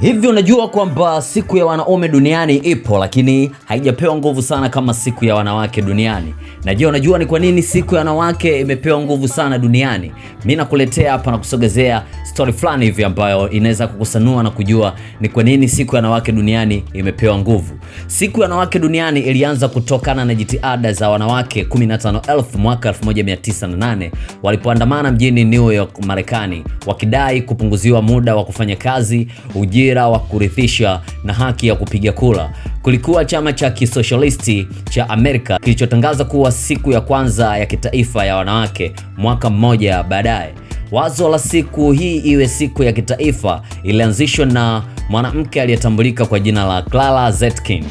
Hivi unajua kwamba siku ya wanaume duniani ipo lakini haijapewa nguvu sana kama siku ya wanawake duniani. Na je, unajua ni kwa nini siku ya wanawake imepewa nguvu sana duniani? Mimi nakuletea hapa na kusogezea story fulani hivi ambayo inaweza kukusanua na kujua ni kwa nini siku ya wanawake duniani imepewa nguvu. Siku ya wanawake duniani ilianza kutokana na jitihada za wanawake 15,000 mwaka 1908 walipoandamana mjini New York, Marekani wakidai kupunguziwa muda wa kufanya kazi, ujira mpira wa kurithisha na haki ya kupiga kura. Kulikuwa chama cha kisoshalisti cha Amerika kilichotangaza kuwa siku ya kwanza ya kitaifa ya wanawake mwaka mmoja baadaye. Wazo la siku hii iwe siku ya kitaifa ilianzishwa na mwanamke aliyetambulika kwa jina la Clara Zetkin.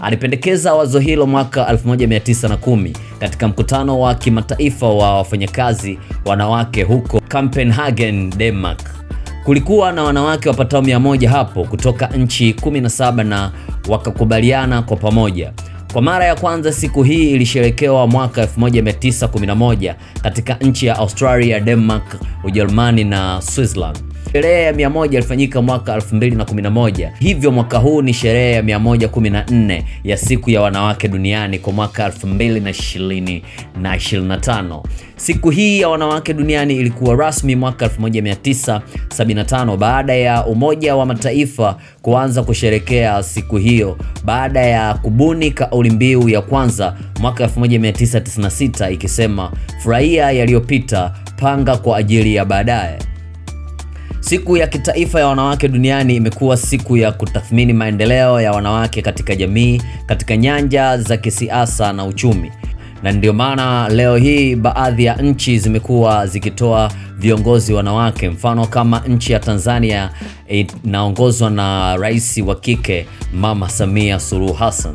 Alipendekeza wazo hilo mwaka 1910 katika mkutano wa kimataifa wa wafanyakazi wanawake huko Copenhagen, Denmark. Kulikuwa na wanawake wapatao mia moja hapo kutoka nchi 17 na wakakubaliana kwa pamoja. Kwa mara ya kwanza siku hii ilisherekewa mwaka 1911 katika nchi ya Australia, Denmark, Ujerumani na Switzerland. Sherehe ya 100 ilifanyika mwaka 2011, hivyo mwaka huu ni sherehe ya 114 ya siku ya wanawake duniani kwa mwaka 2020 na 25. Siku hii ya wanawake duniani ilikuwa rasmi mwaka 1975 baada ya Umoja wa Mataifa kuanza kusherekea siku hiyo baada ya kubuni kauli mbiu ya kwanza mwaka 1996 ikisema, furahia yaliyopita, panga kwa ajili ya baadaye. Siku ya kitaifa ya wanawake duniani imekuwa siku ya kutathmini maendeleo ya wanawake katika jamii, katika nyanja za kisiasa na uchumi. Na ndio maana leo hii baadhi ya nchi zimekuwa zikitoa viongozi wanawake, mfano kama nchi ya Tanzania inaongozwa na rais wa kike Mama Samia Suluhu Hassan.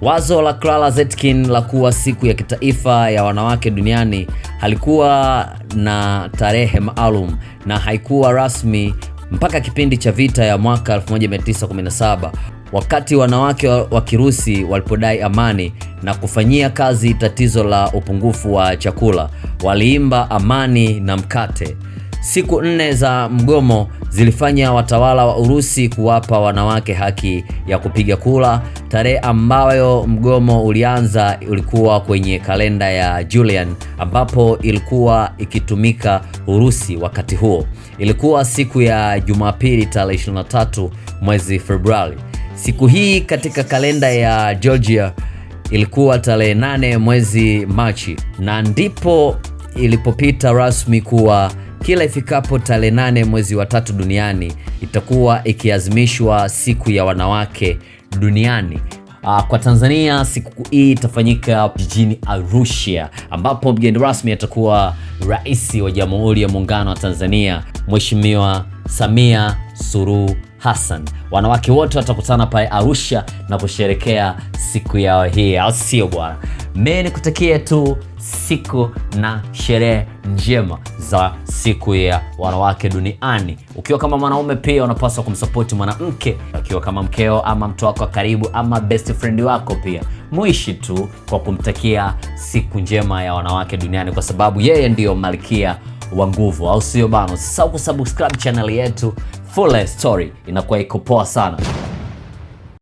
Wazo la Clara Zetkin la kuwa siku ya kitaifa ya wanawake duniani halikuwa na tarehe maalum na haikuwa rasmi mpaka kipindi cha vita ya mwaka 1917 wakati wanawake wa Kirusi walipodai amani na kufanyia kazi tatizo la upungufu wa chakula. Waliimba amani na mkate. Siku nne za mgomo zilifanya watawala wa Urusi kuwapa wanawake haki ya kupiga kura. Tarehe ambayo mgomo ulianza ulikuwa kwenye kalenda ya Julian, ambapo ilikuwa ikitumika Urusi wakati huo. Ilikuwa siku ya Jumapili tarehe 23 mwezi Februari. Siku hii katika kalenda ya Georgia ilikuwa tarehe 8 mwezi Machi, na ndipo ilipopita rasmi kuwa kila ifikapo tarehe nane mwezi wa tatu duniani itakuwa ikiazimishwa siku ya wanawake duniani. Ah, kwa Tanzania siku hii itafanyika jijini Arusha, ambapo mgeni rasmi atakuwa Rais wa Jamhuri ya Muungano wa Tanzania Mheshimiwa Samia Suluhu Hassan. Wanawake wote watakutana pale Arusha na kusherekea siku yao hii, au sio bwana? ni nikutakie tu siku na sherehe njema za siku ya wanawake duniani. Ukiwa kama mwanaume pia unapaswa kumsapoti mwanamke, ukiwa kama mkeo ama mtu wako wa karibu ama best friend wako, pia muishi tu kwa kumtakia siku njema ya wanawake duniani, kwa sababu yeye ndiyo malkia wa nguvu, au sio bana? Usisahau kusubscribe channel yetu Full Story, inakuwa iko poa sana.